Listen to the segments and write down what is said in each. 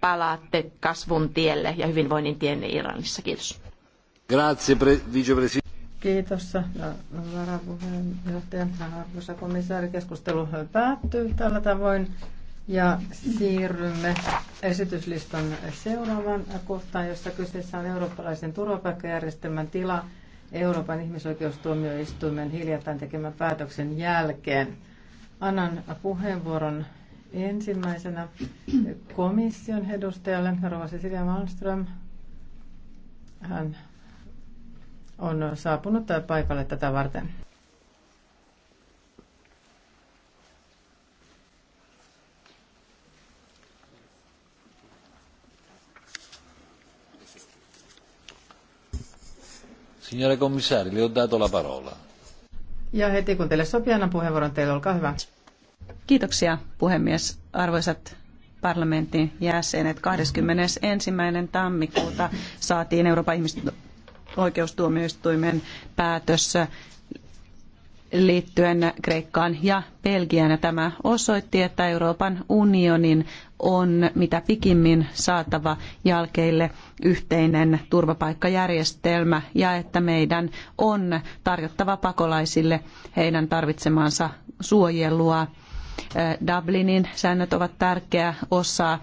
palaatte kasvun tielle ja hyvinvoinnin tielle Irlannissa. Kiitos. Grazie, pre- Kiitos äh, varapuheenjohtaja. Arvoisa komissaari, keskustelu päättyy tällä tavoin. Ja siirrymme esityslistan seuraavaan kohtaan, jossa kyseessä on eurooppalaisen turvapaikkajärjestelmän tila Euroopan ihmisoikeustuomioistuimen hiljattain tekemän päätöksen jälkeen. Annan puheenvuoron Ensimmäisenä komission edustajalle Rova Cecilia Malmström. Hän on saapunut paikalle tätä varten. Signore commissario, le ho dato la parola. Ja heti kun teille sopii, annan puheenvuoron teille, olkaa hyvä. Kiitoksia puhemies, arvoisat parlamentin jäsenet. 21. tammikuuta saatiin Euroopan ihmisoikeustuomioistuimen päätös liittyen Kreikkaan ja Belgiaan. Tämä osoitti, että Euroopan unionin on mitä pikimmin saatava jälkeille yhteinen turvapaikkajärjestelmä ja että meidän on tarjottava pakolaisille heidän tarvitsemaansa suojelua Äh, Dublinin säännöt ovat tärkeä osa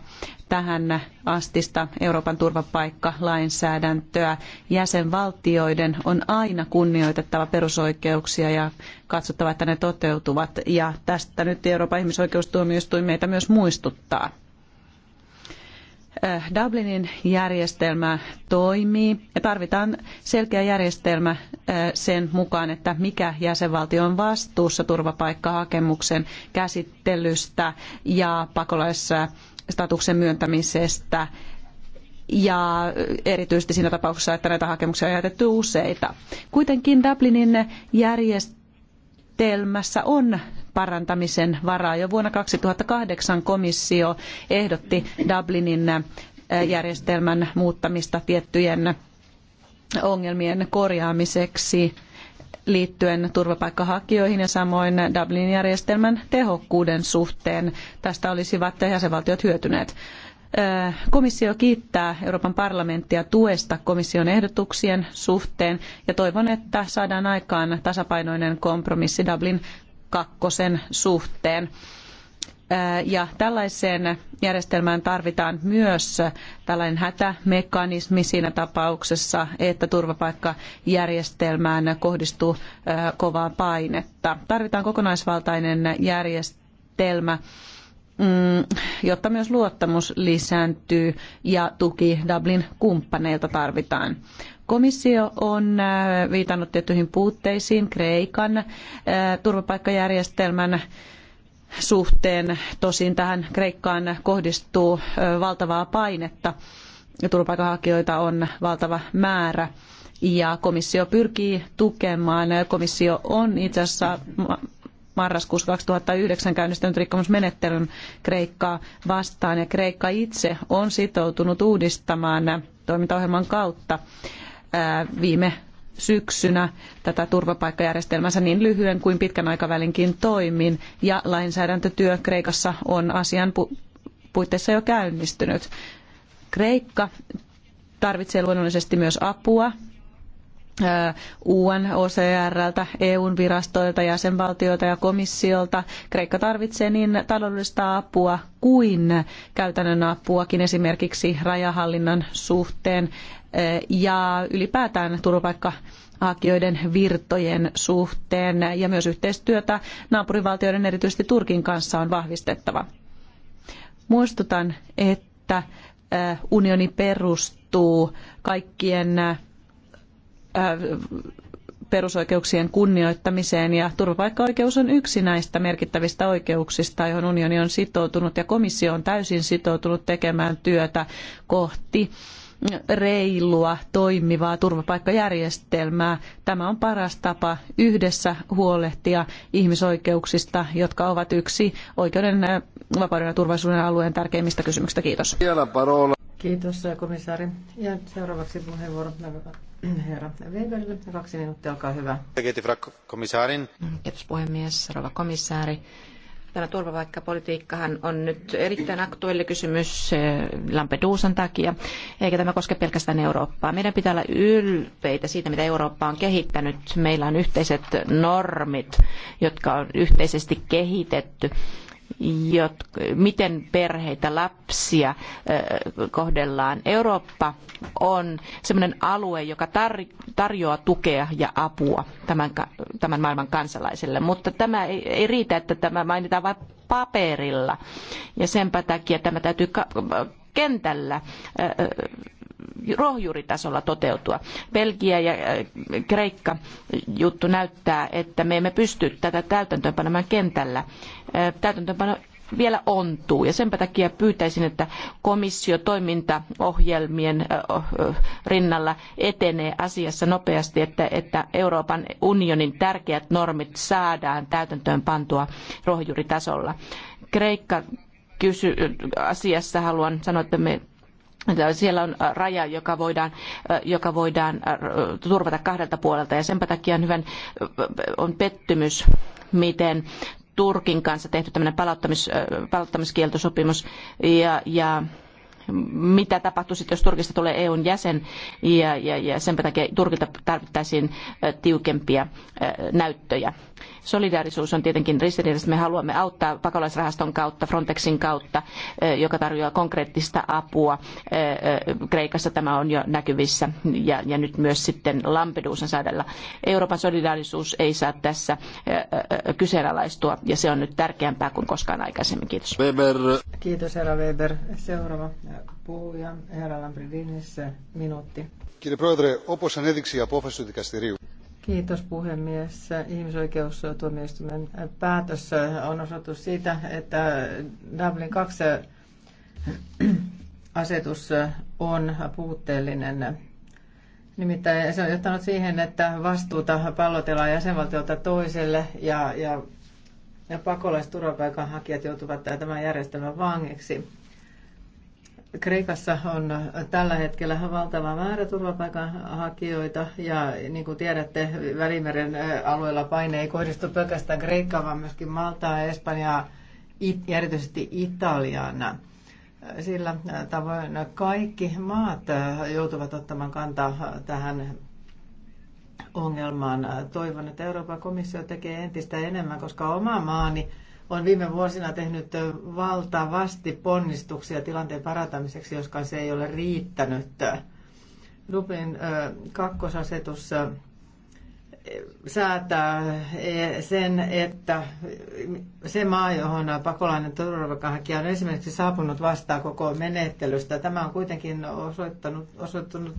tähän astista Euroopan turvapaikkalainsäädäntöä. Jäsenvaltioiden on aina kunnioitettava perusoikeuksia ja katsottava, että ne toteutuvat. Ja tästä nyt Euroopan ihmisoikeustuomioistuin meitä myös muistuttaa. Äh, Dublinin järjestelmä toimii ja tarvitaan selkeä järjestelmä äh, sen mukaan, että mikä jäsenvaltio on vastuussa turvapaikkahakemuksen käsittelystä ja pakolaisstatuksen myöntämisestä ja erityisesti siinä tapauksessa, että näitä hakemuksia on jätetty useita. Kuitenkin Dublinin järjestelmässä on parantamisen varaa. Jo vuonna 2008 komissio ehdotti Dublinin järjestelmän muuttamista tiettyjen ongelmien korjaamiseksi liittyen turvapaikkahakijoihin ja samoin Dublinin järjestelmän tehokkuuden suhteen. Tästä olisivat jäsenvaltiot hyötyneet. Komissio kiittää Euroopan parlamenttia tuesta komission ehdotuksien suhteen ja toivon, että saadaan aikaan tasapainoinen kompromissi Dublin kakkosen suhteen. Ja tällaiseen järjestelmään tarvitaan myös tällainen hätämekanismi siinä tapauksessa, että turvapaikkajärjestelmään kohdistuu kovaa painetta. Tarvitaan kokonaisvaltainen järjestelmä, mm, jotta myös luottamus lisääntyy ja tuki Dublin kumppaneilta tarvitaan. Komissio on äh, viitannut tiettyihin puutteisiin Kreikan äh, turvapaikkajärjestelmän suhteen. Tosin tähän Kreikkaan kohdistuu äh, valtavaa painetta. Turvapaikanhakijoita on valtava määrä ja komissio pyrkii tukemaan. Komissio on itse asiassa marraskuussa 2009 käynnistänyt rikkomusmenettelyn Kreikkaa vastaan ja Kreikka itse on sitoutunut uudistamaan toimintaohjelman kautta viime syksynä tätä turvapaikkajärjestelmänsä niin lyhyen kuin pitkän aikavälinkin toimin ja lainsäädäntötyö Kreikassa on asian pu- puitteissa jo käynnistynyt. Kreikka tarvitsee luonnollisesti myös apua UNOCRltä, EUn virastoilta, jäsenvaltioilta ja komissiolta. Kreikka tarvitsee niin taloudellista apua kuin käytännön apuakin esimerkiksi rajahallinnan suhteen ja ylipäätään turvapaikka hakijoiden virtojen suhteen ja myös yhteistyötä naapurivaltioiden erityisesti Turkin kanssa on vahvistettava. Muistutan, että unioni perustuu kaikkien Äh, perusoikeuksien kunnioittamiseen ja turvapaikkaoikeus on yksi näistä merkittävistä oikeuksista, johon unioni on sitoutunut ja komissio on täysin sitoutunut tekemään työtä kohti reilua, toimivaa turvapaikkajärjestelmää. Tämä on paras tapa yhdessä huolehtia ihmisoikeuksista, jotka ovat yksi oikeuden, äh, vapauden ja turvallisuuden alueen tärkeimmistä kysymyksistä. Kiitos. Kiitos äh, komissaari. Ja seuraavaksi puheenvuoro herra Weberille. Kaksi minuuttia, olkaa hyvä. Kiitos puhemies, rouva komissaari. Tämä turvapaikkapolitiikkahan on nyt erittäin aktuelli kysymys eh, Lampedusan takia, eikä tämä koske pelkästään Eurooppaa. Meidän pitää olla ylpeitä siitä, mitä Eurooppa on kehittänyt. Meillä on yhteiset normit, jotka on yhteisesti kehitetty Jot miten perheitä, lapsia kohdellaan. Eurooppa on sellainen alue, joka tarjoaa tukea ja apua tämän, tämän maailman kansalaisille, mutta tämä ei, ei riitä, että tämä mainitaan vain paperilla. Ja senpä takia tämä täytyy kentällä rohjuritasolla toteutua. Belgia ja äh, Kreikka juttu näyttää, että me emme pysty tätä täytäntöönpanemaan kentällä. Äh, täytäntöönpano vielä ontuu ja sen takia pyytäisin, että komissio toimintaohjelmien äh, oh, rinnalla etenee asiassa nopeasti, että, että Euroopan unionin tärkeät normit saadaan täytäntöön pantua rohjuritasolla. Kreikka kysy, asiassa haluan sanoa, että me siellä on raja, joka voidaan, joka voidaan äh, turvata kahdelta puolelta ja sen takia on, hyvän, äh, on pettymys, miten Turkin kanssa tehty tämmöinen palauttamis, äh, palauttamiskieltosopimus ja, ja mitä tapahtuisi, jos Turkista tulee EUn jäsen, ja, ja, ja sen takia Turkilta tarvittaisiin tiukempia näyttöjä. Solidaarisuus on tietenkin ristiriidassa. Me haluamme auttaa pakolaisrahaston kautta, Frontexin kautta, joka tarjoaa konkreettista apua. Kreikassa tämä on jo näkyvissä, ja, ja nyt myös sitten Lampedusan saadella. Euroopan solidaarisuus ei saa tässä kyseenalaistua, ja se on nyt tärkeämpää kuin koskaan aikaisemmin. Kiitos. Weber. Kiitos, herra Weber. Seuraava puhuja, herra Lambridinis, minuutti. Κύριε Kiitos puhemies. Ihmisoikeustuomioistuimen päätös on osoitus siitä, että Dublin 2 asetus on puutteellinen. Nimittäin se on johtanut siihen, että vastuuta pallotellaan jäsenvaltiolta toiselle ja, ja, ja pakolaisturvapaikanhakijat joutuvat tämän järjestelmän vangiksi. Kreikassa on tällä hetkellä valtava määrä turvapaikanhakijoita ja niin kuin tiedätte, Välimeren alueella paine ei kohdistu pelkästään Kreikkaan, vaan myöskin Maltaa, Espanjaa ja erityisesti Italiaan. Sillä tavoin kaikki maat joutuvat ottamaan kantaa tähän ongelmaan. Toivon, että Euroopan komissio tekee entistä enemmän, koska oma maani – on viime vuosina tehnyt valtavasti ponnistuksia tilanteen parantamiseksi, joskaan se ei ole riittänyt. Dublin kakkosasetus säätää e, sen, että se maa, johon pakolainen turvapaikanhakija on esimerkiksi saapunut vastaan koko menettelystä, tämä on kuitenkin osoittanut, osoittanut,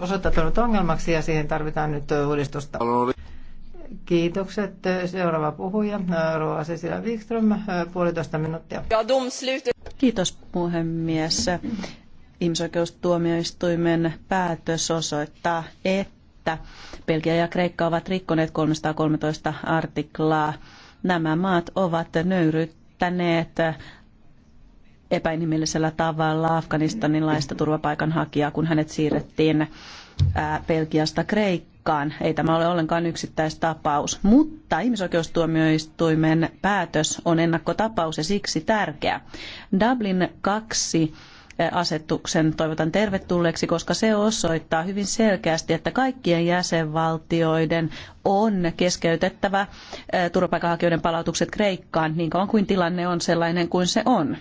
osoittanut ongelmaksi ja siihen tarvitaan nyt uudistusta. Kiitokset. Seuraava puhuja, Roa Cecilia Wikström, puolitoista minuuttia. Kiitos puhemies. Ihmisoikeustuomioistuimen päätös osoittaa, että Belgia ja Kreikka ovat rikkoneet 313 artiklaa. Nämä maat ovat nöyryttäneet epäinhimillisellä tavalla afganistanilaista turvapaikanhakijaa, kun hänet siirrettiin Belgiasta Kreikkaan olekaan. Ei tämä ole ollenkaan yksittäistapaus, mutta ihmisoikeustuomioistuimen päätös on ennakkotapaus ja siksi tärkeä. Dublin 2 eh, asetuksen toivotan tervetulleeksi, koska se osoittaa hyvin selkeästi, että kaikkien jäsenvaltioiden on keskeytettävä eh, turvapaikanhakijoiden palautukset Kreikkaan niin kauan kuin tilanne on sellainen kuin se on.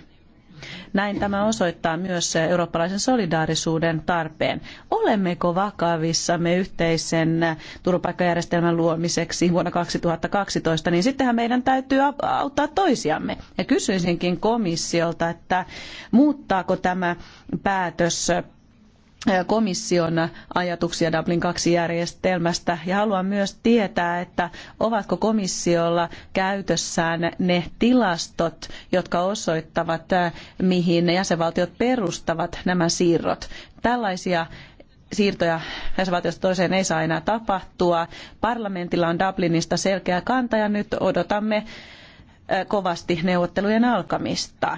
Näin tämä osoittaa myös eurooppalaisen solidaarisuuden tarpeen. Olemmeko vakavissamme yhteisen turvapaikkajärjestelmän luomiseksi vuonna 2012, niin sittenhän meidän täytyy auttaa toisiamme. Ja kysyisinkin komissiolta, että muuttaako tämä päätös komission ajatuksia Dublin 2 järjestelmästä ja haluan myös tietää, että ovatko komissiolla käytössään ne tilastot, jotka osoittavat, mihin jäsenvaltiot perustavat nämä siirrot. Tällaisia siirtoja jäsenvaltiosta toiseen ei saa enää tapahtua. Parlamentilla on Dublinista selkeä kanta ja nyt odotamme kovasti neuvottelujen alkamista.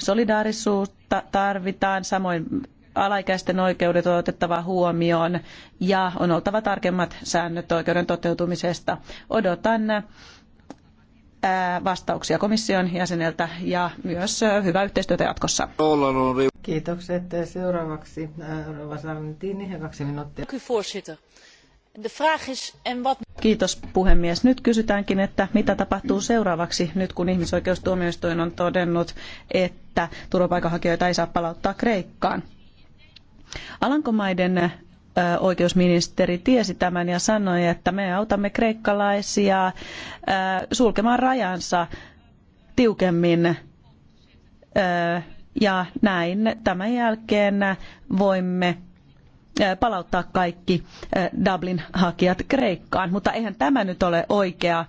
Solidaarisuutta tarvitaan, samoin alaikäisten oikeudet on otettava huomioon ja on oltava tarkemmat säännöt oikeuden toteutumisesta. Odotan vastauksia komission jäseneltä ja myös hyvää yhteistyötä jatkossa. Kiitokset. Seuraavaksi Rova Sarantini, kaksi minuuttia. Kiitos puhemies. Nyt kysytäänkin, että mitä tapahtuu seuraavaksi, nyt kun ihmisoikeustuomioistuin on todennut, että turvapaikanhakijoita ei saa palauttaa Kreikkaan. Alankomaiden oikeusministeri tiesi tämän ja sanoi, että me autamme kreikkalaisia sulkemaan rajansa tiukemmin ja näin tämän jälkeen voimme palauttaa kaikki Dublin-hakijat Kreikkaan. Mutta eihän tämä nyt ole oikea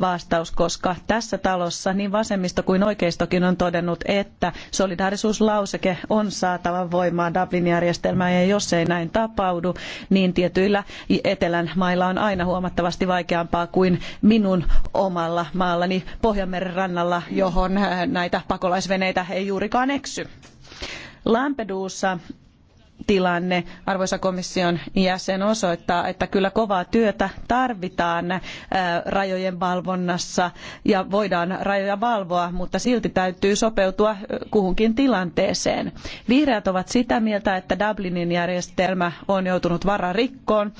vastaus, koska tässä talossa niin vasemmisto kuin oikeistokin on todennut, että solidaarisuuslauseke on saatava voimaan Dublin-järjestelmään ja jos ei näin tapaudu, niin tietyillä etelän mailla on aina huomattavasti vaikeampaa kuin minun omalla maallani Pohjanmeren rannalla, johon näitä pakolaisveneitä ei juurikaan eksy. Lampedusa tilanne, arvoisa komission jäsen, osoittaa, että kyllä kovaa työtä tarvitaan äh, rajojen valvonnassa ja voidaan rajoja valvoa, mutta silti täytyy sopeutua äh, kuhunkin tilanteeseen. Vihreät ovat sitä mieltä, että Dublinin järjestelmä on joutunut vararikkoon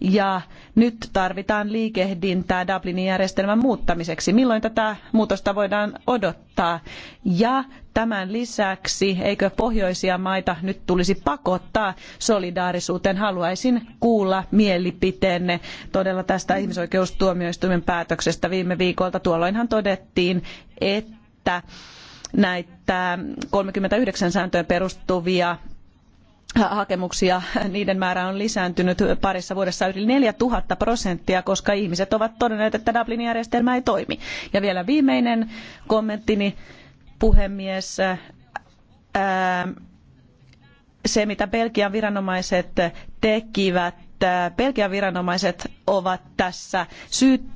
ja nyt tarvitaan liikehdintää Dublinin järjestelmän muuttamiseksi. Milloin tätä muutosta voidaan odottaa? Ja tämän lisäksi, eikö pohjoisia maita nyt tulisi pakottaa solidaarisuuteen? Haluaisin kuulla mielipiteenne todella tästä ihmisoikeustuomioistuimen päätöksestä viime viikolta. Tuolloinhan todettiin, että näitä 39 sääntöön perustuvia hakemuksia, niiden määrä on lisääntynyt parissa vuodessa yli 4000 prosenttia, koska ihmiset ovat todenneet, että Dublinin järjestelmä ei toimi. Ja vielä viimeinen kommenttini, puhemies. se, mitä Belgian viranomaiset tekivät Belgian viranomaiset ovat tässä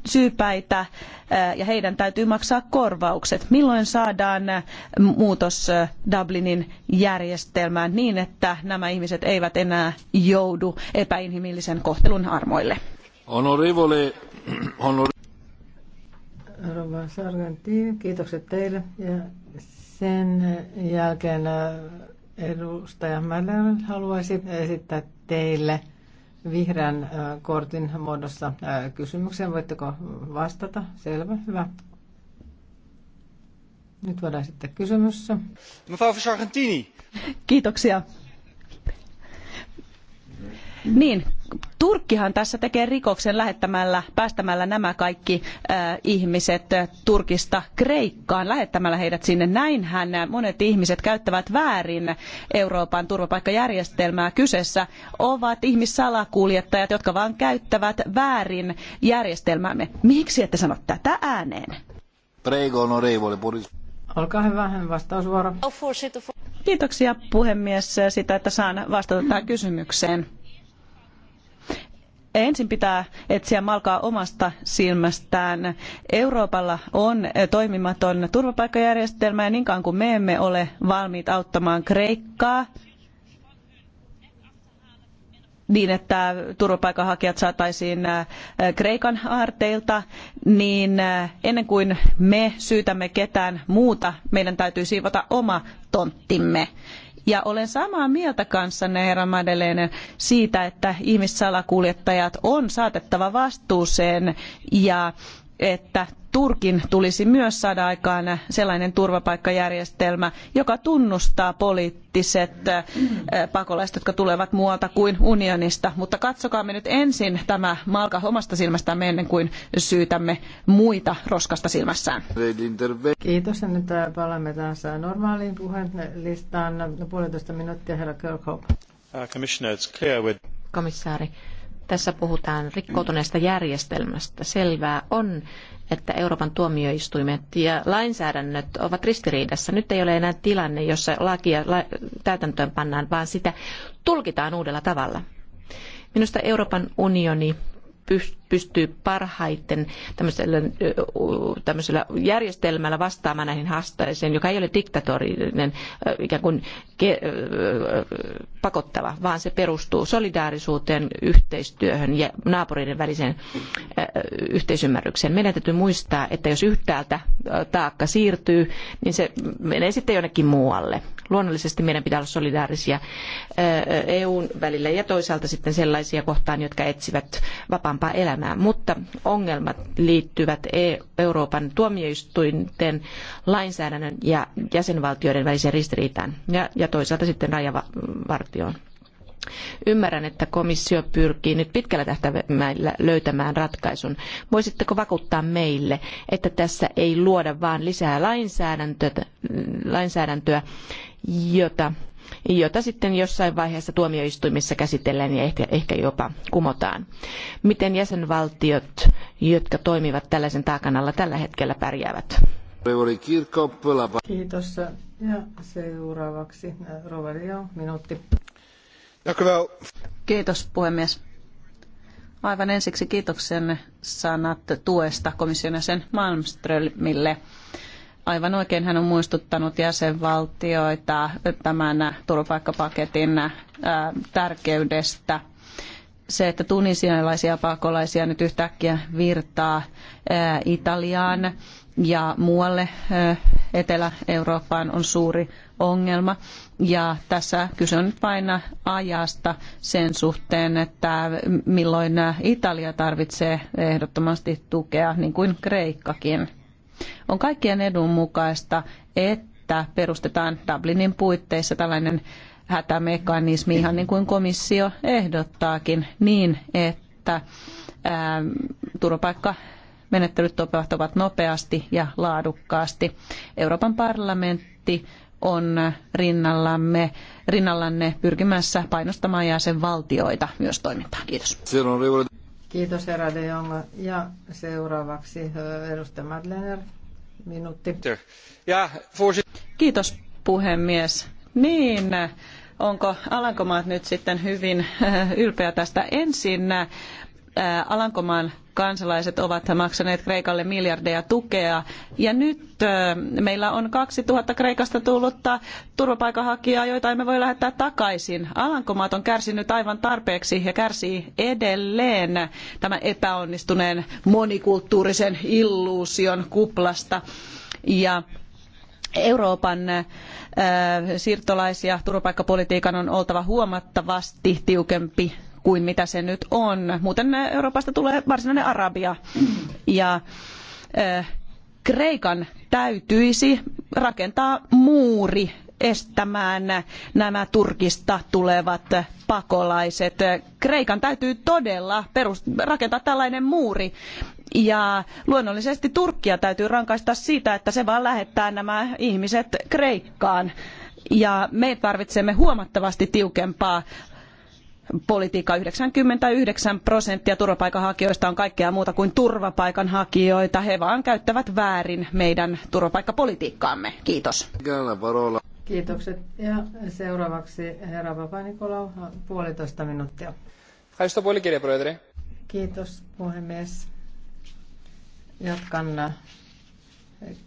syypäitä ja heidän täytyy maksaa korvaukset. Milloin saadaan muutos Dublinin järjestelmään niin, että nämä ihmiset eivät enää joudu epäinhimillisen kohtelun armoille? Honorivoli, honor... Rova Sarganti, kiitokset teille. Ja sen jälkeen edustaja Mällän haluaisi esittää teille vihreän äh, kortin muodossa äh, kysymykseen. Voitteko vastata? Selvä, hyvä. Nyt voidaan sitten kysymys. Mevrouw Sargentini. Kiitoksia niin, Turkkihan tässä tekee rikoksen lähettämällä, päästämällä nämä kaikki ihmiset Turkista Kreikkaan, lähettämällä heidät sinne. Näinhän monet ihmiset käyttävät väärin Euroopan turvapaikkajärjestelmää. Kyseessä ovat ihmissalakuljettajat, jotka vain käyttävät väärin järjestelmäämme. Miksi ette sano tätä ääneen? Prego, Olkaa hyvä, vastausvuoro. Kiitoksia puhemies sitä, että saan vastata tähän kysymykseen ensin pitää etsiä malkaa omasta silmästään. Euroopalla on toimimaton turvapaikkajärjestelmä ja niinkaan kuin me emme ole valmiit auttamaan Kreikkaa, niin, että turvapaikanhakijat saataisiin äh, Kreikan aarteilta, niin äh, ennen kuin me syytämme ketään muuta, meidän täytyy siivota oma tonttimme. Ja olen samaa mieltä kanssanne, herra Madeleine, siitä, että ihmissalakuljettajat on saatettava vastuuseen ja että Turkin tulisi myös saada aikaan sellainen turvapaikkajärjestelmä, joka tunnustaa poliittiset pakolaiset, jotka tulevat muualta kuin unionista. Mutta katsokaamme nyt ensin tämä malka omasta silmästämme ennen kuin syytämme muita roskasta silmässään. Kiitos. Ja nyt palaamme taas normaaliin puhelistaan. Puolitoista minuuttia, herra Kirkhope. Uh, Komissaari, tässä puhutaan rikkoutuneesta järjestelmästä. Selvää on, että Euroopan tuomioistuimet ja lainsäädännöt ovat ristiriidassa. Nyt ei ole enää tilanne, jossa lakia täytäntöön pannaan, vaan sitä tulkitaan uudella tavalla. Minusta Euroopan unioni pystyy parhaiten tämmöisellä, tämmöisellä järjestelmällä vastaamaan näihin haasteisiin, joka ei ole diktatorinen, äh, ikään kuin äh, pakottava, vaan se perustuu solidaarisuuteen, yhteistyöhön ja naapureiden väliseen äh, yhteisymmärrykseen. Meidän täytyy muistaa, että jos yhtäältä taakka siirtyy, niin se menee sitten jonnekin muualle. Luonnollisesti meidän pitää olla solidaarisia EUn välillä ja toisaalta sitten sellaisia kohtaan, jotka etsivät vapaampaa elämää elämää, mutta ongelmat liittyvät e- Euroopan tuomioistuinten lainsäädännön ja jäsenvaltioiden väliseen ristiriitaan ja, toisaalta sitten rajavartioon. Ymmärrän, että komissio pyrkii nyt pitkällä tähtäimellä löytämään ratkaisun. Voisitteko vakuuttaa meille, että tässä ei luoda vaan lisää lainsäädäntöä, lainsäädäntöä jota jota sitten jossain vaiheessa tuomioistuimissa käsitellään ja ehkä, ehkä jopa kumotaan. Miten jäsenvaltiot, jotka toimivat tällaisen taakan alla tällä hetkellä, pärjäävät? Kiitos. Ja seuraavaksi äh, Rovelio, minuutti. Kiitos puhemies. Aivan ensiksi kiitoksen sanat tuesta komission jäsen Malmströmille aivan oikein hän on muistuttanut jäsenvaltioita tämän turvapaikkapaketin äh, tärkeydestä. Se, että tunisialaisia pakolaisia nyt yhtäkkiä virtaa äh, Italiaan ja muualle äh, Etelä-Eurooppaan on suuri ongelma. Ja tässä kyse on nyt vain ajasta sen suhteen, että milloin Italia tarvitsee ehdottomasti tukea, niin kuin Kreikkakin. On kaikkien edun mukaista, että perustetaan Dublinin puitteissa tällainen hätämekanismi, ihan niin kuin komissio ehdottaakin, niin että ää, ähm, turvapaikka menettelyt tapahtuvat nopeasti ja laadukkaasti. Euroopan parlamentti on rinnallamme, rinnallanne pyrkimässä painostamaan jäsenvaltioita myös toimintaan. Kiitos. Kiitos herra de Jong. Ja seuraavaksi edustaja Madlener, minuutti. Kiitos puhemies. Niin, onko Alankomaat nyt sitten hyvin ylpeä tästä ensin Alankomaan kansalaiset ovat maksaneet Kreikalle miljardeja tukea. Ja nyt meillä on 2000 Kreikasta tullutta turvapaikanhakijaa, joita emme voi lähettää takaisin. Alankomaat on kärsinyt aivan tarpeeksi ja kärsii edelleen tämän epäonnistuneen monikulttuurisen illuusion kuplasta. Ja Euroopan siirtolaisia turvapaikkapolitiikan on oltava huomattavasti tiukempi kuin mitä se nyt on. Muuten Euroopasta tulee varsinainen Arabia. Ja Kreikan täytyisi rakentaa muuri estämään nämä Turkista tulevat pakolaiset. Kreikan täytyy todella rakentaa tällainen muuri. Ja luonnollisesti Turkkia täytyy rankaista siitä, että se vaan lähettää nämä ihmiset Kreikkaan. Ja me tarvitsemme huomattavasti tiukempaa politiikka. 99 prosenttia turvapaikanhakijoista on kaikkea muuta kuin turvapaikanhakijoita. He vaan käyttävät väärin meidän turvapaikkapolitiikkaamme. Kiitos. Kiitokset. Ja seuraavaksi herra Papanikolaou, puolitoista minuuttia. Kiitos puhemies. Jatkan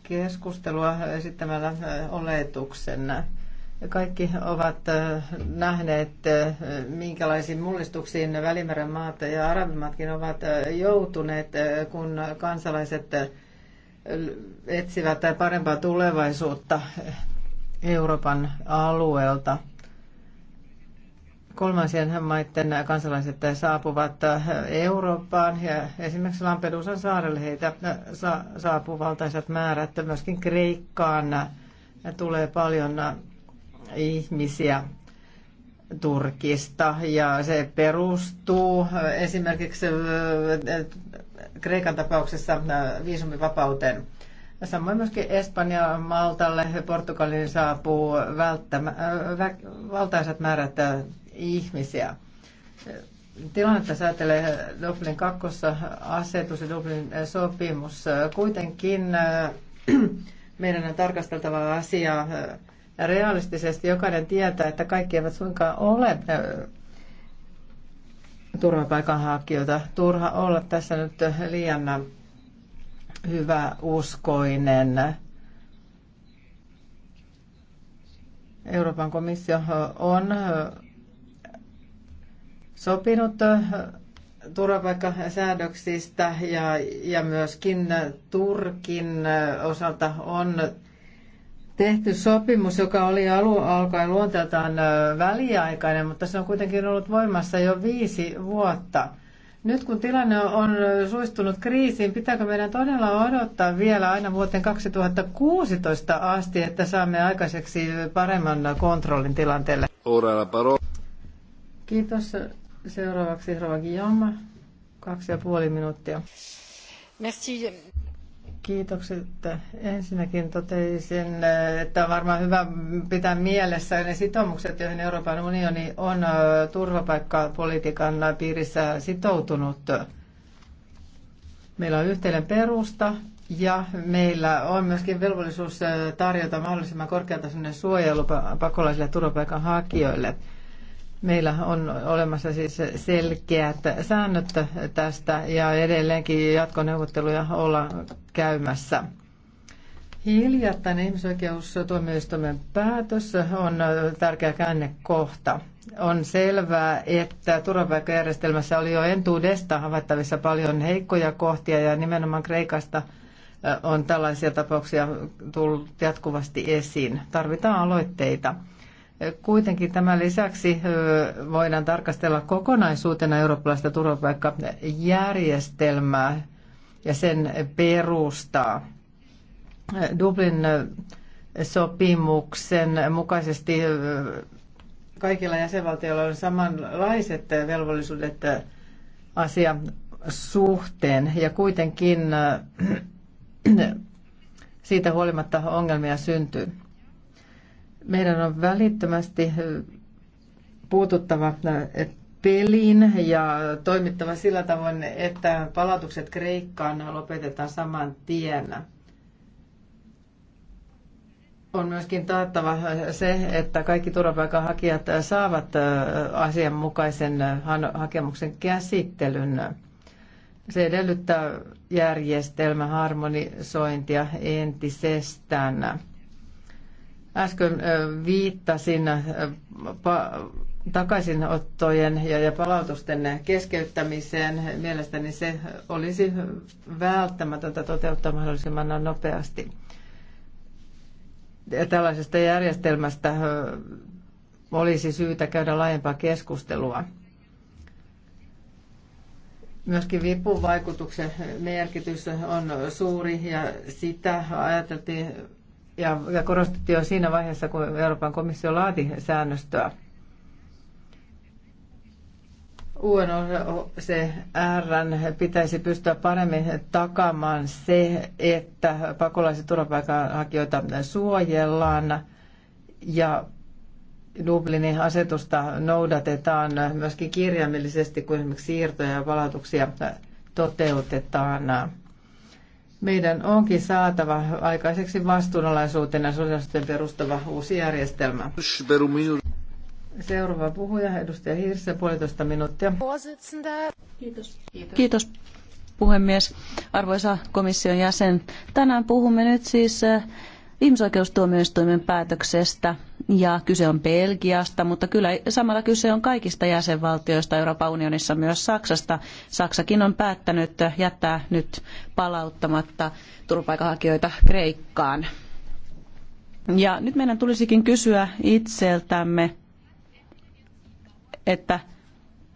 keskustelua esittämällä oletuksen. Kaikki ovat äh, nähneet, äh, minkälaisiin mullistuksiin Välimeren maat ja arabimaatkin ovat äh, joutuneet, kun kansalaiset etsivät parempaa tulevaisuutta Euroopan alueelta. Kolmansien maiden kansalaiset saapuvat Eurooppaan ja esimerkiksi Lampedusan saarelle heitä saapuu valtaiset määrät. Myöskin Kreikkaan tulee paljon ihmisiä Turkista ja se perustuu esimerkiksi äh, Kreikan tapauksessa äh, viisumivapauteen. Samoin myöskin Espanja, Maltalle ja Portugaliin saapuu välttämä, äh, vä- valtaisat määrät ihmisiä. Tilannetta säätelee Dublin 2 asetus ja Dublin sopimus. Kuitenkin meidän on tarkasteltava asiaa realistisesti jokainen tietää, että kaikki eivät suinkaan ole äh, turvapaikanhakijoita. Turha olla tässä nyt liian hyvä uskoinen. Euroopan komissio on sopinut turvapaikkasäädöksistä ja, ja myöskin Turkin osalta on tehty sopimus, joka oli alu, alkaen luonteeltaan väliaikainen, mutta se on kuitenkin ollut voimassa jo viisi vuotta. Nyt kun tilanne on suistunut kriisiin, pitääkö meidän todella odottaa vielä aina vuoteen 2016 asti, että saamme aikaiseksi paremman kontrollin tilanteelle? Kiitos. Seuraavaksi Rova Guillaume, kaksi ja puoli minuuttia. Merci. Kiitokset. Ensinnäkin totesin, että on varmaan hyvä pitää mielessä ne sitoumukset, joihin Euroopan unioni on turvapaikkapolitiikan piirissä sitoutunut. Meillä on yhteinen perusta ja meillä on myöskin velvollisuus tarjota mahdollisimman korkeatasoinen suojelu pakolaisille turvapaikanhakijoille. hakijoille. Meillä on olemassa siis selkeät säännöt tästä ja edelleenkin jatkoneuvotteluja olla käymässä. Hiljattain ihmisoikeustuomioistuimen päätös on tärkeä käännekohta. On selvää, että turvapaikkajärjestelmässä oli jo entuudesta havaittavissa paljon heikkoja kohtia ja nimenomaan Kreikasta on tällaisia tapauksia tullut jatkuvasti esiin. Tarvitaan aloitteita. Kuitenkin tämän lisäksi voidaan tarkastella kokonaisuutena eurooppalaista turvapaikkajärjestelmää ja sen perustaa. Dublin sopimuksen mukaisesti kaikilla jäsenvaltioilla on samanlaiset velvollisuudet asia suhteen ja kuitenkin siitä huolimatta ongelmia syntyy. Meidän on välittömästi puututtava peliin ja toimittava sillä tavoin, että palautukset Kreikkaan lopetetaan saman tien. On myöskin taattava se, että kaikki turvapaikanhakijat saavat asianmukaisen hakemuksen käsittelyn. Se edellyttää järjestelmän harmonisointia entisestään Äsken viittasin takaisinottojen ja palautusten keskeyttämiseen. Mielestäni se olisi välttämätöntä toteuttaa mahdollisimman nopeasti. Tällaisesta järjestelmästä olisi syytä käydä laajempaa keskustelua. Myöskin vipuvaikutuksen merkitys on suuri ja sitä ajateltiin ja, ja korostettiin jo siinä vaiheessa, kun Euroopan komissio laati säännöstöä. UNHCR pitäisi pystyä paremmin takaamaan se, että pakolaiset turvapaikanhakijoita suojellaan ja Dublinin asetusta noudatetaan myöskin kirjaimellisesti, kun esimerkiksi siirtoja ja palautuksia toteutetaan. Meidän onkin saatava aikaiseksi vastuunalaisuuteen ja sosiaalisuuteen perustava uusi järjestelmä. Seuraava puhuja, edustaja Hirsse, puolitoista minuuttia. Kiitos. Kiitos. Kiitos puhemies. Arvoisa komission jäsen, tänään puhumme nyt siis ihmisoikeustuomioistuimen päätöksestä ja kyse on Belgiasta, mutta kyllä samalla kyse on kaikista jäsenvaltioista Euroopan unionissa, myös Saksasta. Saksakin on päättänyt jättää nyt palauttamatta turvapaikanhakijoita Kreikkaan. Ja nyt meidän tulisikin kysyä itseltämme, että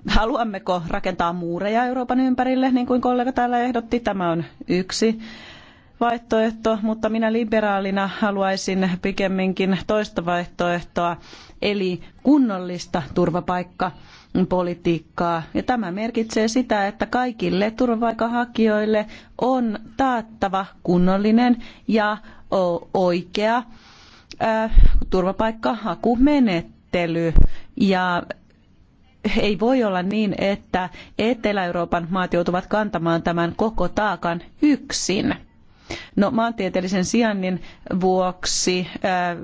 haluammeko rakentaa muureja Euroopan ympärille, niin kuin kollega täällä ehdotti. Tämä on yksi vaihtoehto, mutta minä liberaalina haluaisin pikemminkin toista vaihtoehtoa, eli kunnollista turvapaikkapolitiikkaa. Ja tämä merkitsee sitä, että kaikille turvapaikanhakijoille on taattava kunnollinen ja oikea turvapaikkahakumenettely. Ja ei voi olla niin, että Etelä-Euroopan maat joutuvat kantamaan tämän koko taakan yksin. No maantieteellisen sijainnin vuoksi äh,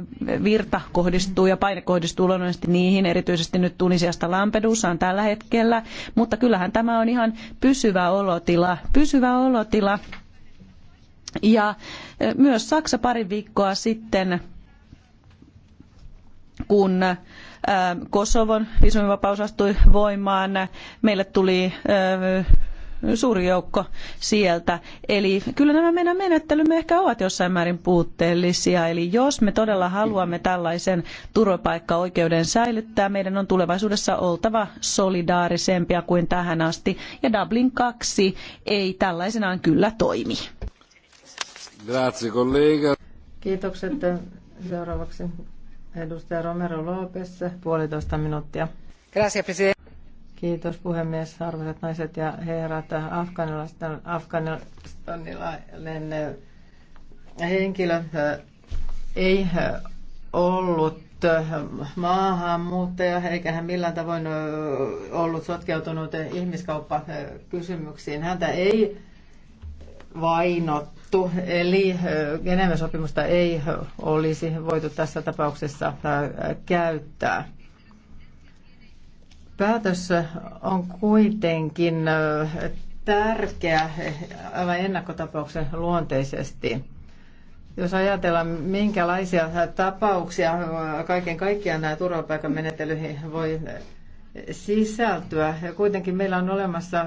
virta kohdistuu ja paine kohdistuu luonnollisesti niihin, erityisesti nyt Tunisiasta Lampedusaan tällä hetkellä, mutta kyllähän tämä on ihan pysyvä olotila, pysyvä olotila. Ja äh, myös Saksa pari viikkoa sitten, kun äh, Kosovon viisumivapaus astui voimaan, meille tuli suuri joukko sieltä. Eli kyllä nämä meidän menettelymme ehkä ovat jossain määrin puutteellisia. Eli jos me todella haluamme tällaisen turvapaikkaoikeuden säilyttää, meidän on tulevaisuudessa oltava solidaarisempia kuin tähän asti. Ja Dublin 2 ei tällaisenaan kyllä toimi. Grazie, Kiitokset. Seuraavaksi edustaja Romero Lopes, puolitoista minuuttia. Grazie, presidente. Kiitos puhemies, arvoisat naiset ja herrat. Afganistanilainen henkilö eh, ei eh, ollut eh, maahanmuuttaja, eikä hän millään tavoin ollut sotkeutunut ihmiskauppakysymyksiin. Häntä ei vainottu, eli Geneven sopimusta ei olisi voitu tässä tapauksessa käyttää. Päätös on kuitenkin tärkeä aivan ennakkotapauksen luonteisesti. Jos ajatellaan, minkälaisia tapauksia kaiken kaikkiaan nämä turvapaikkamenettelyihin voi sisältyä. Ja kuitenkin meillä on olemassa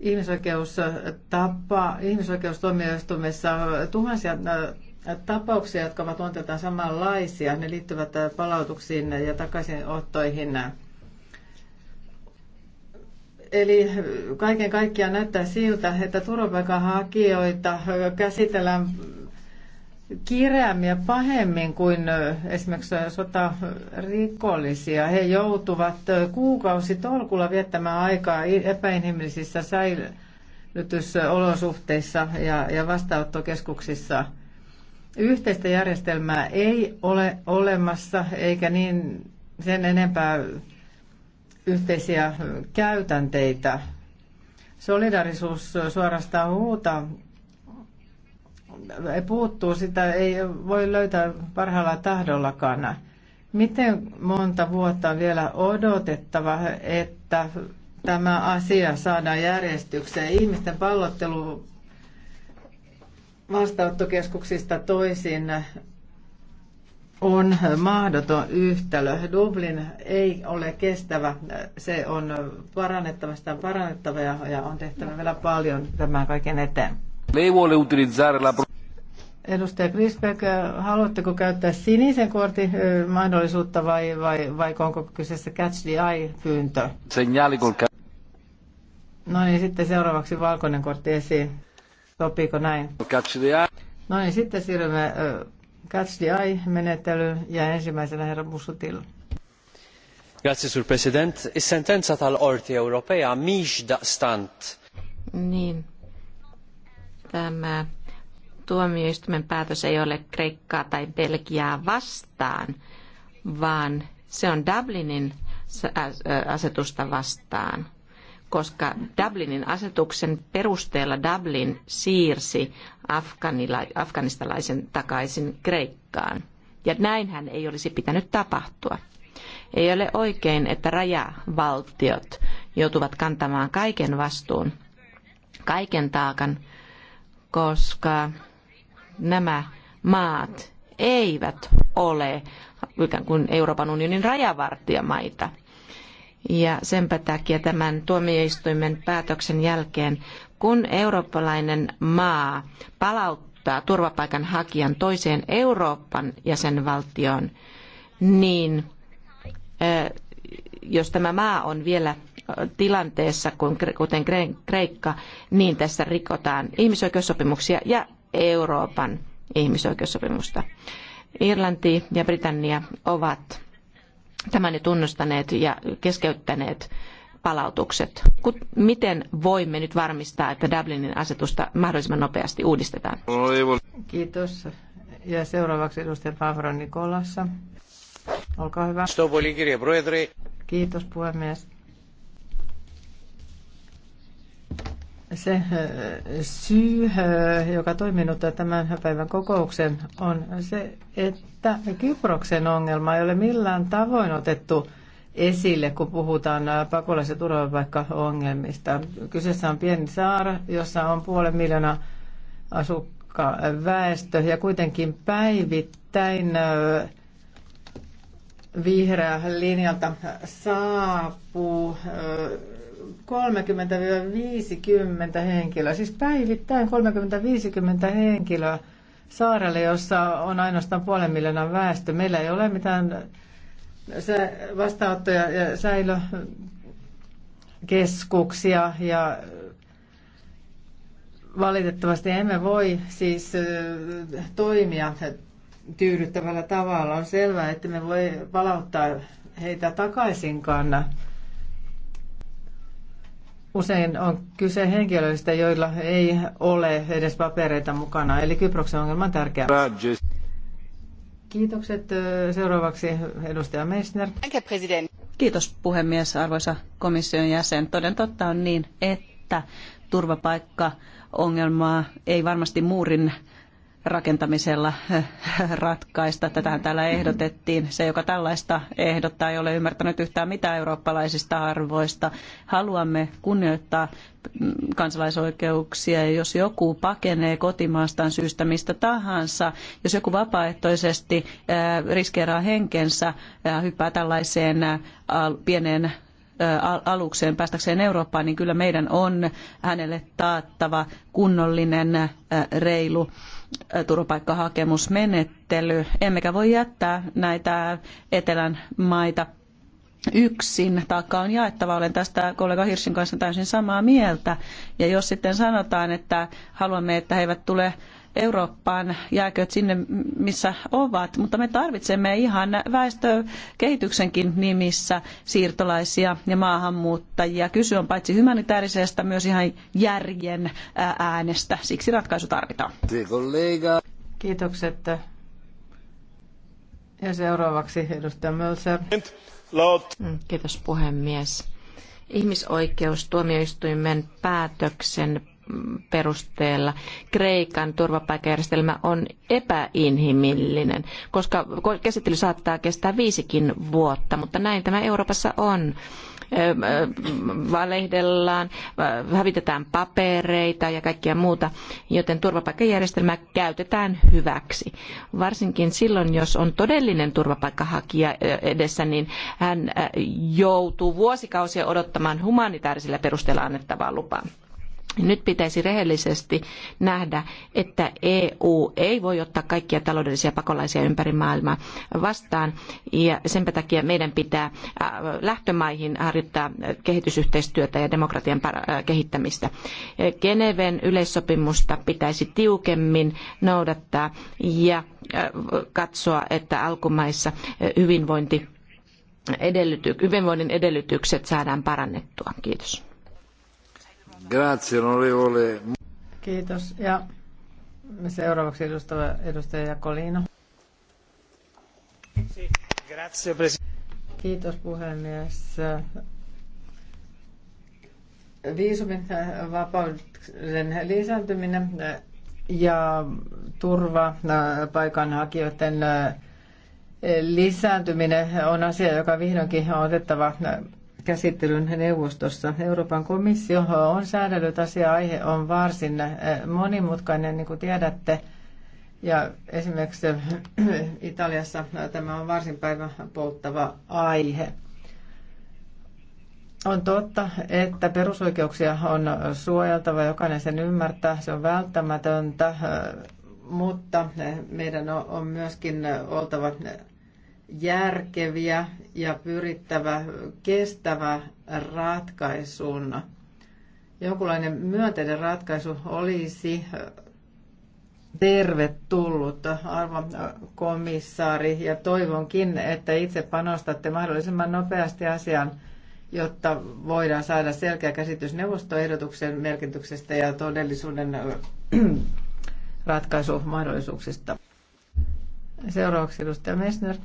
ihmisoikeustapa, ihmisoikeustuomioistuimessa tuhansia tapauksia, jotka ovat luonteeltaan samanlaisia. Ne liittyvät palautuksiin ja takaisinottoihin. Eli kaiken kaikkiaan näyttää siltä, että turvapaikanhakijoita käsitellään kireämmin ja pahemmin kuin esimerkiksi sotarikollisia. He joutuvat kuukausi tolkulla viettämään aikaa epäinhimillisissä säilytysolosuhteissa ja, ja vastaanottokeskuksissa. Yhteistä järjestelmää ei ole olemassa, eikä niin sen enempää yhteisiä käytänteitä. Solidarisuus suorastaan huuta puuttuu, sitä ei voi löytää parhaalla tahdollakaan. Miten monta vuotta on vielä odotettava, että tämä asia saadaan järjestykseen? Ihmisten pallottelu vastaanottokeskuksista toisiin on mahdoton yhtälö. Dublin ei ole kestävä. Se on parannettava, sitä on parannettava ja, ja on tehtävä vielä paljon tämän kaiken eteen. Edustaja Grisberg, haluatteko käyttää sinisen kortin mahdollisuutta vai, vai, vai onko kyseessä catch the eye-pyyntö? No niin, sitten seuraavaksi valkoinen kortti esiin. Sopiiko näin? No niin, sitten siirrymme Catch the Eye-menettelyn ja ensimmäisenä herra Busuttil. Grazie, sur president. Is-sentenza tal-Qorti Ewropea miex daqstant. Niin. Tämä tuomioistuimen päätös ei ole Kreikkaa tai Belgiaa vastaan, vaan se on Dublinin asetusta vastaan koska Dublinin asetuksen perusteella Dublin siirsi afganistalaisen takaisin Kreikkaan. Ja näinhän ei olisi pitänyt tapahtua. Ei ole oikein, että rajavaltiot joutuvat kantamaan kaiken vastuun, kaiken taakan, koska nämä maat eivät ole ikään kuin Euroopan unionin rajavartijamaita – ja senpä takia tämän tuomioistuimen päätöksen jälkeen, kun eurooppalainen maa palauttaa turvapaikanhakijan toiseen Euroopan jäsenvaltioon, niin jos tämä maa on vielä tilanteessa, kuten Kreikka, niin tässä rikotaan ihmisoikeussopimuksia ja Euroopan ihmisoikeussopimusta. Irlanti ja Britannia ovat tämän jo tunnustaneet ja keskeyttäneet palautukset. Miten voimme nyt varmistaa, että Dublinin asetusta mahdollisimman nopeasti uudistetaan? Kiitos. Ja seuraavaksi edustaja Pavro Nikolassa. Olkaa hyvä. Kiitos puhemies. se äh, syy, äh, joka toiminut tämän päivän kokouksen, on se, että Kyproksen ongelma ei ole millään tavoin otettu esille, kun puhutaan äh, pakolais- ja turvapaikka-ongelmista. Kyseessä on pieni saara, jossa on puolen miljoonaa asukkaa väestö ja kuitenkin päivittäin vihreä linjalta saapuu 30-50 henkilöä, siis päivittäin 30-50 henkilöä saarelle, jossa on ainoastaan puolen miljoonan väestö. Meillä ei ole mitään vastaanottoja ja säilökeskuksia ja valitettavasti emme voi siis toimia tyydyttävällä tavalla. On selvää, että me voi palauttaa heitä takaisinkaan Usein on kyse henkilöistä, joilla ei ole edes papereita mukana, eli Kyproksen ongelma on tärkeä. Kiitokset. Seuraavaksi edustaja Meissner. Kiitos puhemies, arvoisa komission jäsen. Toden totta on niin, että turvapaikka ongelmaa ei varmasti muurin rakentamisella ratkaista. Tätähän täällä ehdotettiin. Se, joka tällaista ehdottaa, ei ole ymmärtänyt yhtään mitään eurooppalaisista arvoista. Haluamme kunnioittaa kansalaisoikeuksia ja jos joku pakenee kotimaastaan syystä mistä tahansa, jos joku vapaaehtoisesti äh, riskeeraa henkensä ja äh, hyppää tällaiseen äh, pieneen alukseen päästäkseen Eurooppaan, niin kyllä meidän on hänelle taattava kunnollinen reilu turvapaikkahakemusmenettely, emmekä voi jättää näitä etelän maita yksin. Taakka on jaettava. Olen tästä kollega Hirsin kanssa täysin samaa mieltä. Ja jos sitten sanotaan, että haluamme, että he eivät tule Eurooppaan, jääkööt sinne missä ovat, mutta me tarvitsemme ihan väestökehityksenkin nimissä siirtolaisia ja maahanmuuttajia. Kysy on paitsi humanitaarisesta myös ihan järjen äänestä, siksi ratkaisu tarvitaan. Kiitokset. Ja seuraavaksi edustaja Mölser. Mm, kiitos puhemies ihmisoikeustuomioistuimen päätöksen perusteella Kreikan turvapaikkajärjestelmä on epäinhimillinen, koska käsittely saattaa kestää viisikin vuotta, mutta näin tämä Euroopassa on valehdellaan, hävitetään papereita ja kaikkea muuta, joten turvapaikkajärjestelmää käytetään hyväksi. Varsinkin silloin, jos on todellinen turvapaikkahakija edessä, niin hän joutuu vuosikausia odottamaan humanitaarisilla perusteella annettavaa lupaa. Niin nyt pitäisi rehellisesti nähdä, että EU ei voi ottaa kaikkia taloudellisia pakolaisia ympäri maailmaa vastaan ja sen takia meidän pitää äh, lähtömaihin harjoittaa kehitysyhteistyötä ja demokratian äh, kehittämistä. Geneven yleissopimusta pitäisi tiukemmin noudattaa ja äh, katsoa, että alkumaissa hyvinvointi edellyty, hyvinvoinnin edellytykset saadaan parannettua. Kiitos. Grazie, onorevole. Kiitos. Ja seuraavaksi edustava, edustaja Jakolino. Grazie, Kiitos puhemies. Viisumin vapauden lisääntyminen ja turva paikanhakijoiden lisääntyminen on asia, joka vihdoinkin on otettava käsittelyn neuvostossa. Euroopan komissio on säädellyt asia, aihe on varsin eh, monimutkainen, niin kuin tiedätte. Ja esimerkiksi eh, Italiassa eh, tämä on varsin päivän polttava aihe. On totta, että perusoikeuksia on suojeltava, jokainen sen ymmärtää, se on välttämätöntä, mutta meidän on myöskin oltava järkeviä ja pyrittävä kestävä ratkaisuun. Jonkunlainen myönteinen ratkaisu olisi tervetullut, arvon komissaari, ja toivonkin, että itse panostatte mahdollisimman nopeasti asiaan, jotta voidaan saada selkeä käsitys neuvostoehdotuksen merkityksestä ja todellisuuden ratkaisumahdollisuuksista. Seuraavaksi edustaja Messner.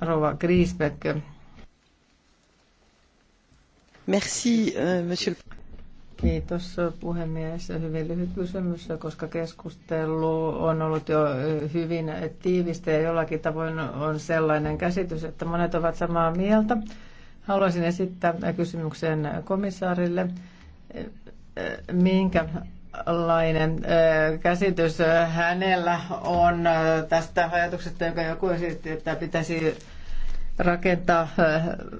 Rova Griesbeck. Merci, euh, monsieur... Kiitos puhemies. Hyvin lyhyt kysymys, koska keskustelu on ollut jo hyvin tiivistä ja jollakin tavoin on sellainen käsitys, että monet ovat samaa mieltä. Haluaisin esittää kysymyksen komissaarille. Minkä minkälainen käsitys hänellä on tästä ajatuksesta, joka joku esitti, että pitäisi rakentaa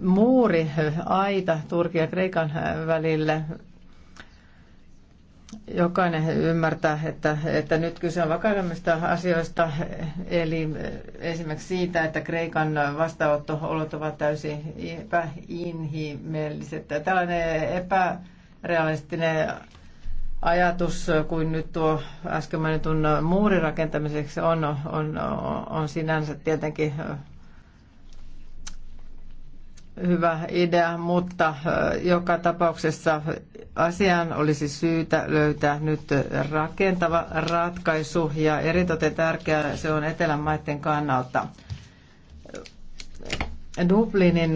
muuri, aita Turkin ja Kreikan välille. Jokainen ymmärtää, että, että nyt kyse on vakavimmista asioista, eli esimerkiksi siitä, että Kreikan vastaanotto-olot ovat täysin epäinhimilliset. Tällainen epärealistinen ajatus kuin nyt tuo äsken mainitun muurin rakentamiseksi on, on, on sinänsä tietenkin hyvä idea, mutta joka tapauksessa asiaan olisi syytä löytää nyt rakentava ratkaisu ja eritoten tärkeää se on etelämaiden kannalta. Dublinin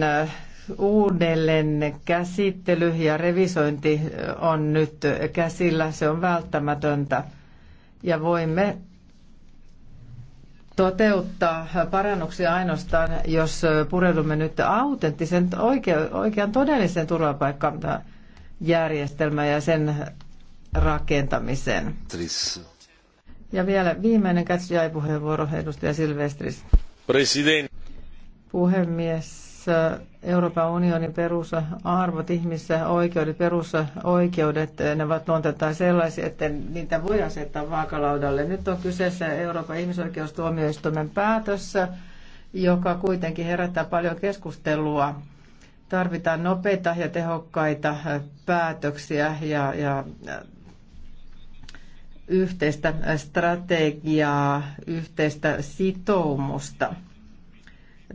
uudelleen käsittely ja revisointi on nyt käsillä. Se on välttämätöntä ja voimme toteuttaa parannuksia ainoastaan, jos pureudumme nyt autenttisen, oikean todellisen turvapaikkajärjestelmän ja sen rakentamiseen. Ja vielä viimeinen katsojaipuheenvuoro, edustaja Silvestris. President. Puhemies Euroopan unionin perusarvot, oikeudet, perusoikeudet, ne ovat luonteeltaan sellaisia, että niitä voi asettaa vaakalaudalle. Nyt on kyseessä Euroopan ihmisoikeustuomioistuimen päätös, joka kuitenkin herättää paljon keskustelua. Tarvitaan nopeita ja tehokkaita päätöksiä ja, ja yhteistä strategiaa, yhteistä sitoumusta –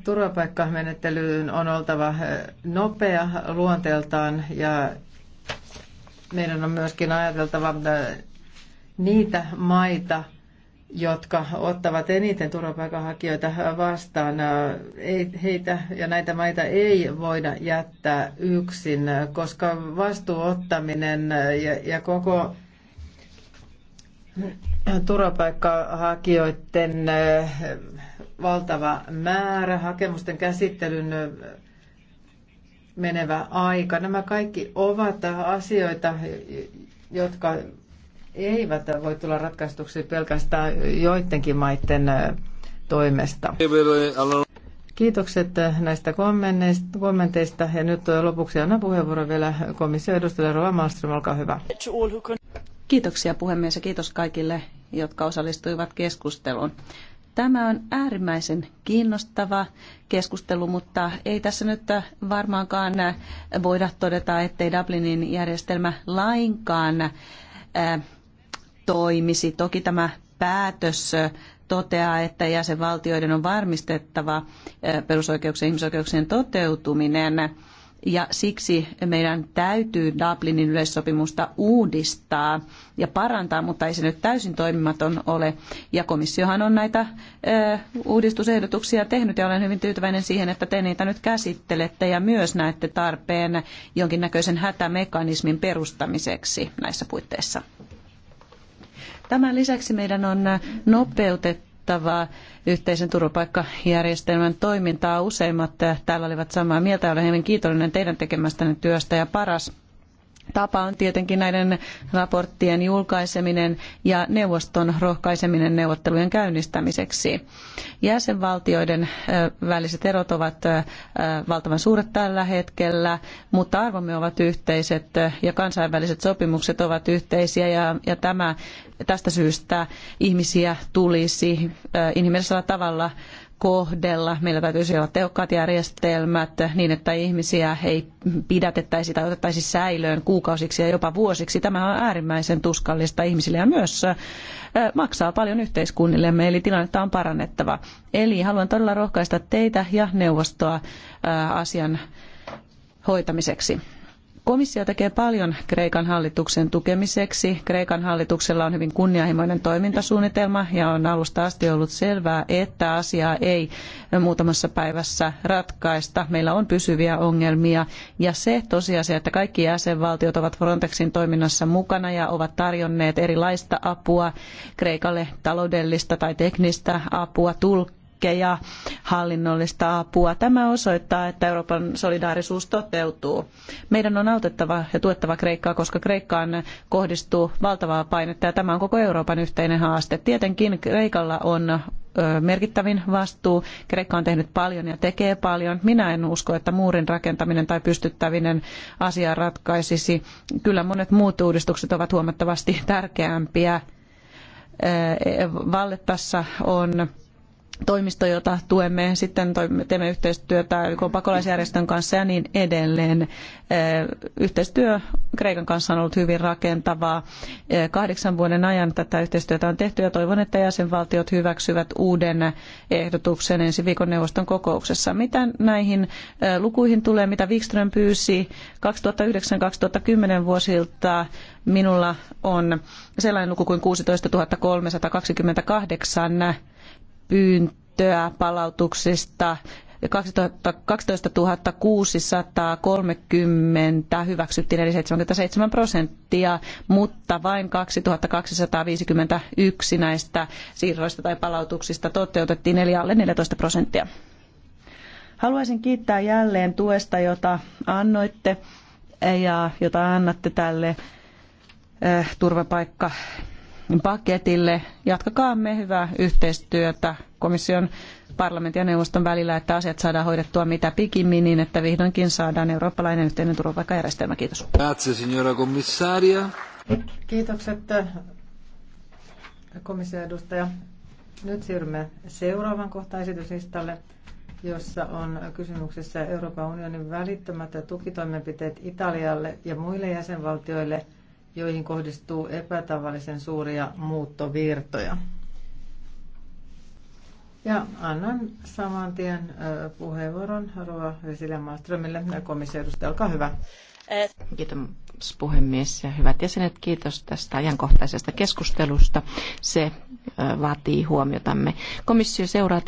Turvapaikkamenettelyyn on oltava eh, nopea luonteeltaan ja meidän on myöskin ajateltava eh, niitä maita, jotka ottavat eniten turvapaikanhakijoita vastaan. Eh, heitä ja näitä maita ei voida jättää yksin, koska vastuuottaminen ja, ja koko turvapaikkahakijoiden valtava määrä, hakemusten käsittelyn menevä aika. Nämä kaikki ovat asioita, jotka eivät voi tulla ratkaistuksi pelkästään joidenkin maiden toimesta. Kiitokset näistä kommenteista ja nyt lopuksi annan puheenvuoro vielä komission edustajalle Rova Malmström, olkaa hyvä. Kiitoksia puhemies ja kiitos kaikille, jotka osallistuivat keskusteluun. Tämä on äärimmäisen kiinnostava keskustelu, mutta ei tässä nyt varmaankaan voida todeta, ettei Dublinin järjestelmä lainkaan äh, toimisi. Toki tämä päätös toteaa, että jäsenvaltioiden on varmistettava äh, perusoikeuksien ja ihmisoikeuksien toteutuminen ja siksi meidän täytyy Dublinin yleissopimusta uudistaa ja parantaa, mutta ei se nyt täysin toimimaton ole. Ja komissiohan on näitä ö, uudistusehdotuksia tehnyt ja olen hyvin tyytyväinen siihen, että te niitä nyt käsittelette ja myös näette tarpeen jonkinnäköisen hätämekanismin perustamiseksi näissä puitteissa. Tämän lisäksi meidän on nopeutettava muutettava yhteisen turvapaikkajärjestelmän toimintaa. Useimmat täällä olivat samaa mieltä. Olen hyvin kiitollinen teidän tekemästänne työstä ja paras tapa on tietenkin näiden raporttien julkaiseminen ja neuvoston rohkaiseminen neuvottelujen käynnistämiseksi. Jäsenvaltioiden väliset erot ovat valtavan suuret tällä hetkellä, mutta arvomme ovat yhteiset ja kansainväliset sopimukset ovat yhteisiä ja, tämä, tästä syystä ihmisiä tulisi inhimillisellä tavalla kohdella. Meillä täytyisi olla tehokkaat järjestelmät niin, että ihmisiä ei pidätettäisi tai otettaisi säilöön kuukausiksi ja jopa vuosiksi. Tämä on äärimmäisen tuskallista ihmisille ja myös maksaa paljon yhteiskunnillemme, eli tilannetta on parannettava. Eli haluan todella rohkaista teitä ja neuvostoa asian hoitamiseksi. Komissio tekee paljon Kreikan hallituksen tukemiseksi. Kreikan hallituksella on hyvin kunnianhimoinen toimintasuunnitelma ja on alusta asti ollut selvää, että asiaa ei muutamassa päivässä ratkaista. Meillä on pysyviä ongelmia ja se tosiasia, että kaikki jäsenvaltiot ovat Frontexin toiminnassa mukana ja ovat tarjonneet erilaista apua Kreikalle taloudellista tai teknistä apua, tulkkaa pankkeja, hallinnollista apua. Tämä osoittaa, että Euroopan solidaarisuus toteutuu. Meidän on autettava ja tuettava Kreikkaa, koska Kreikkaan kohdistuu valtavaa painetta ja tämä on koko Euroopan yhteinen haaste. Tietenkin Kreikalla on merkittävin vastuu. Kreikka on tehnyt paljon ja tekee paljon. Minä en usko, että muurin rakentaminen tai pystyttäminen asiaa ratkaisisi. Kyllä monet muut uudistukset ovat huomattavasti tärkeämpiä. Vallettassa on toimisto, jota tuemme, sitten teemme yhteistyötä YK pakolaisjärjestön kanssa ja niin edelleen. Yhteistyö Kreikan kanssa on ollut hyvin rakentavaa. Kahdeksan vuoden ajan tätä yhteistyötä on tehty ja toivon, että jäsenvaltiot hyväksyvät uuden ehdotuksen ensi viikon neuvoston kokouksessa. Mitä näihin lukuihin tulee, mitä Wikström pyysi 2009-2010 vuosilta, minulla on sellainen luku kuin 16 328 pyyntöä palautuksista 12 630 hyväksyttiin eli 77 prosenttia, mutta vain 2251 näistä siirroista tai palautuksista toteutettiin eli alle 14 prosenttia. Haluaisin kiittää jälleen tuesta, jota annoitte ja jota annatte tälle eh, turvapaikka paketille. Jatkakaamme hyvää yhteistyötä komission parlamentin ja neuvoston välillä, että asiat saadaan hoidettua mitä pikimmin niin, että vihdoinkin saadaan eurooppalainen yhteinen turvapaikkajärjestelmä. Kiitos. Grazie, signora commissaria. Kiitokset komission edustaja. Nyt siirrymme seuraavan kohtaan esityslistalle, jossa on kysymyksessä Euroopan unionin välittömät tukitoimenpiteet Italialle ja muille jäsenvaltioille – joihin kohdistuu epätavallisen suuria muuttovirtoja. Ja annan saman tien puheenvuoron Rova Vesilä Maaströmille, komission edustaja, olkaa hyvä. Kiitos puhemies ja hyvät jäsenet, kiitos tästä ajankohtaisesta keskustelusta. Se vaatii huomiotamme. Komissio seuraa tilannetta.